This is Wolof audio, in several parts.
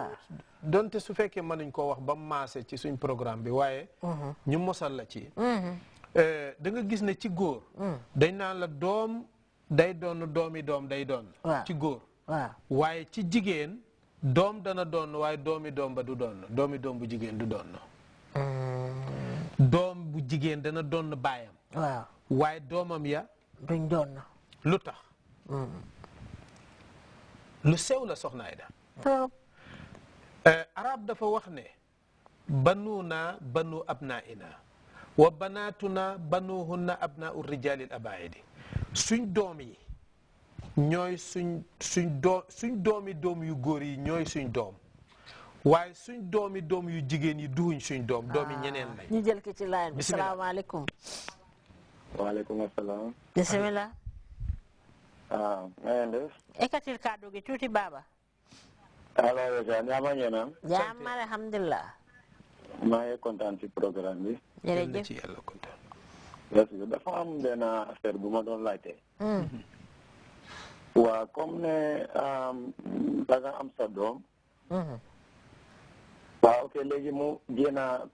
waaw donte su fekkee mënuñ koo wax ba maase ci suñ programme bi waaye. Mhm. ñu mosal la ci. Mhm. Eh, da nga gis ne ci góor. Mhm. dañ naan la doom day doon doomi doom day doon. ci góor. waaye ci jigéen doom dana doon waaye doomi doom ba du doon doomi doom bu jigéen du doon. doom bu jigéen dana doon baayam. waaw waaye doomam ya. duñ doon lu tax. lu sew la soxna Aida. Euh, arab dafa wax ne banuuna banu abnaina wa banaatuna banuhunna abnaau rijaalil abaidi suñ doom yi ñooy suñ doom doomi doom yu góor yi ñooy suñ doom waaye suñ doomi doom yu jigéen yi duuñ suñ doom doomi ah, ñeneen lañ ñu jël ki ci laaj bi salaamaaleykum waaleykum ah, ekatil kàddu gi tuuti baaba allo Wessa ñaama ngeen am. jaam alhamdulilah. maa ngi kontaan ci programme bi. jërëjëf ci yàlla kontaan. parce que dafa am benn affaire bu ma doon laajte. waa comme ne da nga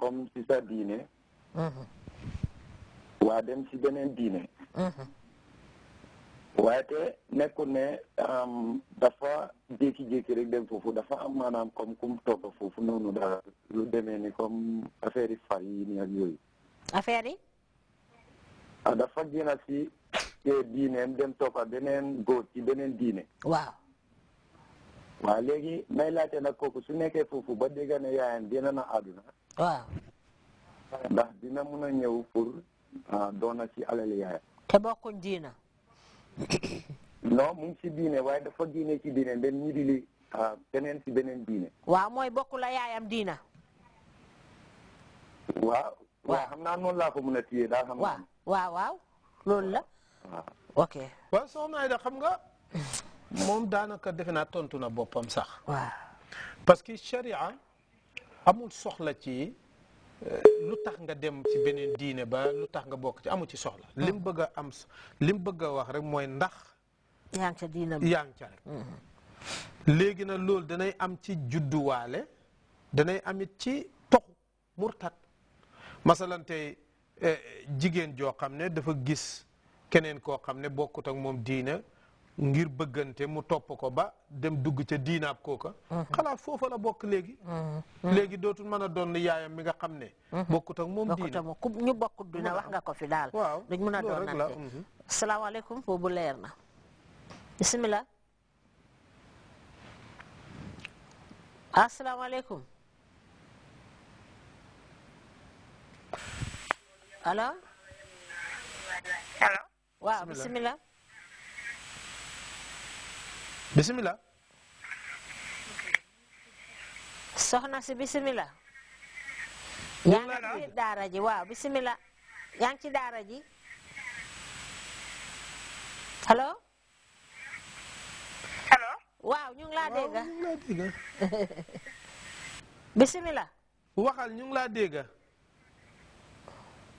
am si sa diine. Mm-hmm. waa dem si beneen diine. Mm-hmm. waaye te nekkul ne dafa jékki-jékki rek dem foofu dafa am maanaam comme kum togg foofu noonu daal lu demee ni comme affaire yi far yi nii ak yooyu. affaire yi. ah dafa génn si diineem dem toppa beneen góor ci beneen diine. waaw. waaw léegi may laajte nag kooku su nekkee foofu ba dégg ne yaayam génn na àdduna. waaw. ndax dina mun a ñëw pour ah, doona ci alal yaayam. te bokkuñ diina. non mu ngi diine waaye dafa génne ci diine den ñu ah, beneen si beneen diine. waaw mooy bokku la yaayam diina. waaw. waaw xam naa laa ko mën a téye daal xam nga. waaw waaw loolu la. ok. waaw soxna Aida xam nga. moom daanaka defe naa tontu na boppam sax. parce que sharia amul soxla ci. lu tax nga dem ci beneen diine ba lu tax nga bokk ci amu ci soxla. Hmm. lim bëgg a am lim bëgg a wax rek mooy ndax. yaa ngi ca diine hmm. léegi nag loolu danay am ci judduwaale danay amit ci toxu murtat masalan tey eh, jigéen joo xam ne dafa gis keneen koo xam ne bokkut ak moom diine. ngir bëggante mu topp ko ba dem dugg ca diinaab kooka mhm. xalaat foofa la bokk léegi mhm. léegi dootul mën a doon yaayam mi nga xam ne mhm. bokkut ak moom diina ku ñu bokkut dina wax nga ko fi daal duñ mën a doonante salaamaaleykum boobu leer na bisimilah asalaamaaleykum ah, allo allo waaw bisimilah bisimilah. soxna si bisimilah. yaa ngi ci daara ji waaw bisimilah. yaa ngi ci daara ji allo. allo. waaw ñu laa dégg. waaw ñu ngi laa dégg. bisimilah. laa dégg.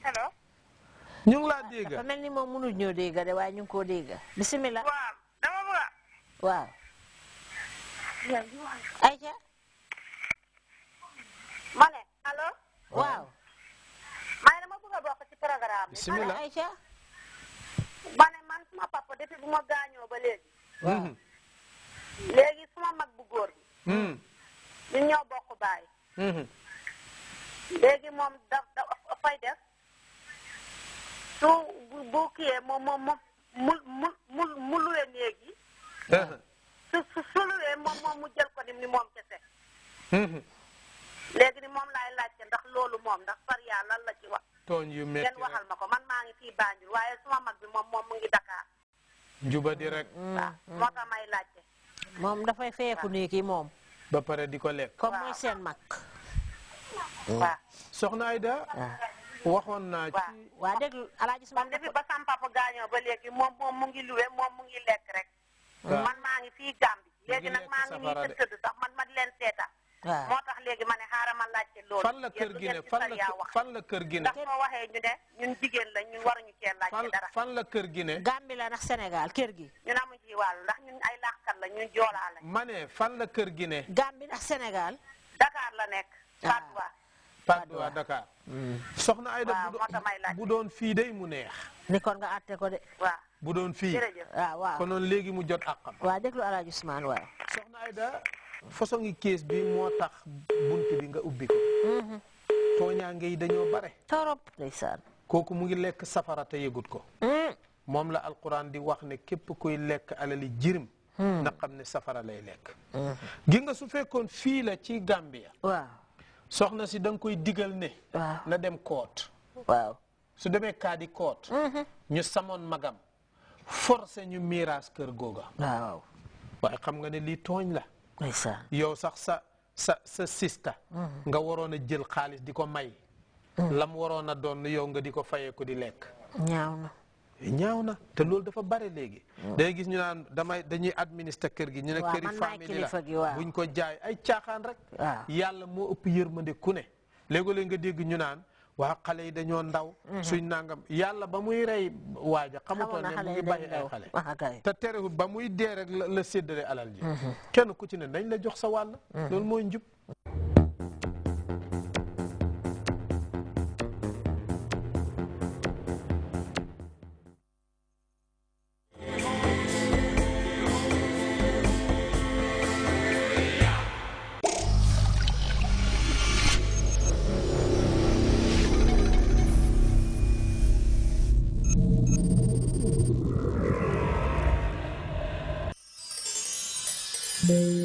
allo. ñu ni moom mënul ñoo dégg de waaye ñu ngi koo dégg waaw. Aïcha. ma ne waaw. ma ne dama bëgg a bokk ci programme bi. bisimilah Aïcha. ma man suma papa depuis bu ma gaañoo ba léegi. waaw. Mhm. léegi suma mag bu góor bi. Mhm. ñu ñoo bokk mhm. moom da da fay def moom mu mu mu mu luwee néeg su su suluwee moom moom mu jël ko ni ni moom kese mm-hmm. léegi ni moom laay laajte ndax loolu moom ndax sariya lan la ci wax tooñ yu metti ngeen ma ko man maa ngi fii Banjul waaye suma mag bi moom moom mu ngi Dakar njuba di rek mm-hmm. waaw moo tax may moom dafay feeku nii kii moom ba pare di ko lekk comme muy seen mag waaw mm. soxna Ayda waxoon naa ci waa dégg alaaji suma defi ba sama papa gaañoo ba léegi moom moom mu ngi luwe moom mu ngi lekk rek safara de sax man ma di leen seetaan waaw moo tax léegi ma ne xaaral ma laajte loolu fan la kër gi ne fan la fan gi ne ndax moo waxee ñu ne ñun jigéen la ñun waruñu cee laajte dara fan la kër gi ne Gambie la ndax Sénégal kër gi ñun amuñ ci wàll ndax ñun ay laxkat la ñun joolaa la ma ne fan la kër gi ne Gambie ndax Sénégal Dakar la nekk ah. Padoua Padoua Dakar mm. soxna Ayda bu doon fii day mu neex ni kon nga àtte ko de Budon fi fii non ah, waaw mu jot akam wa deglu alaaj usman wa soxna Aida façon ngi kees bi moo tax bunt bi nga ubbi ko mm-hmm. tooñaa ngay daño bare torop ndeysaan koku mu ngi lek safara te yegut ko mom mm. la alquran di wax ne kep koy lek alali jirim mm. na xamne safara lay lek mm-hmm. gi nga su fekkon fi la ci Gambia wa soxna si dang koy digal ne na dem koot wa su demee kaadi koot mm-hmm. ñu samone magam forcé ñu miiras kër googa waaw waaye xam nga ne lii tooñ la yow sax sa sa sa sista mhm. nga waroon a jël xaalis di ko may mhm. lam waroon a doon yow nga di ko fayee ko di lekk ñaaw na te loolu dafa bare léegi mhm. day gis ñu naan damay dañuy administre kër gi ñu ne këri famille la buñ ko jaay ay caaxaan rek yàlla moo ëpp yërmande ku ne léegoo léeg nga dégg ñu naan وحقلة إذا نون داو سوين نعم يلا بموي راي واجا كمطون بموي باي حقلة تتره بموي دير لسيد على الجي كانوا كتير نين لجوك سوال نول موينجوب Thank you.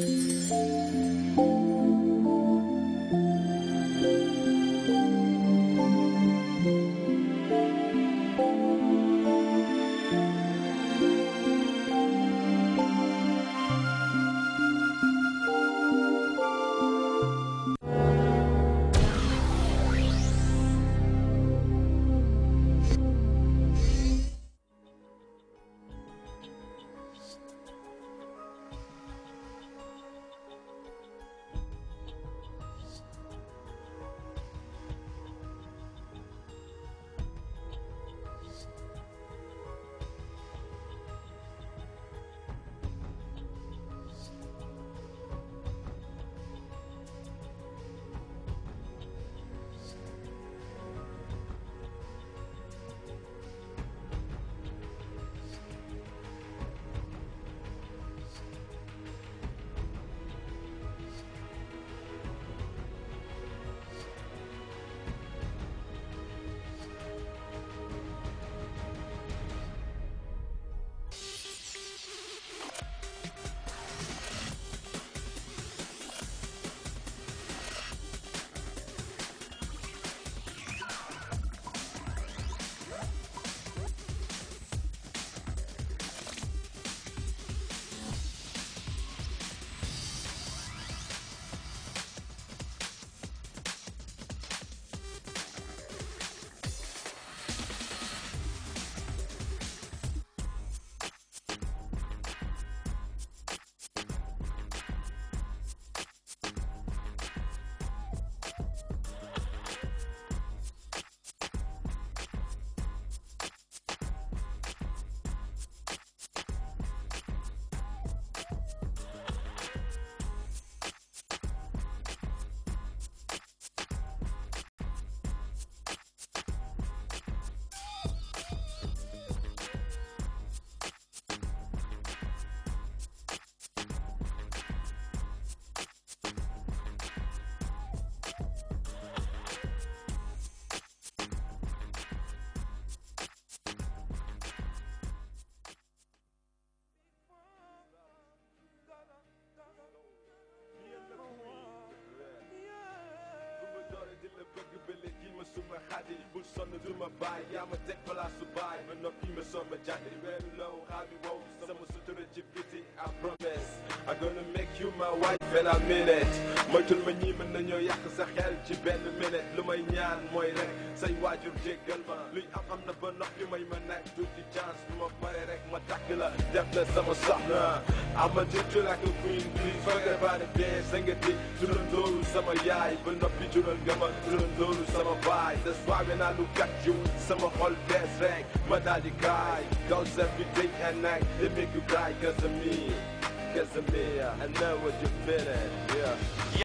son sonn du ma bàyyi yaa ma teg place su bàyyi ba noppi ma soog ma jàng di weeru law xaar bi wow sama sutura ci biti I promise I gonna make you my wife in a minute moytul ma ñii mën nañoo yàq sa xel ci benn minute lu may ñaan mooy rek say waajur jéggal ma luy am am na ba noppi may ma nekk tuuti chance bu ma pare rek ma takk la def la sama soxna I'm a ginger like a queen, please Fuck everybody dance Sing a dick to the door y'all, the yaay Ba noppi jural nga ma turan dooru y'all, That's why when I look at you Sama xol fees rek ma daal di kaay Cause every day and night They make you cry cause of me Cause of me I know what you're feeling Yeah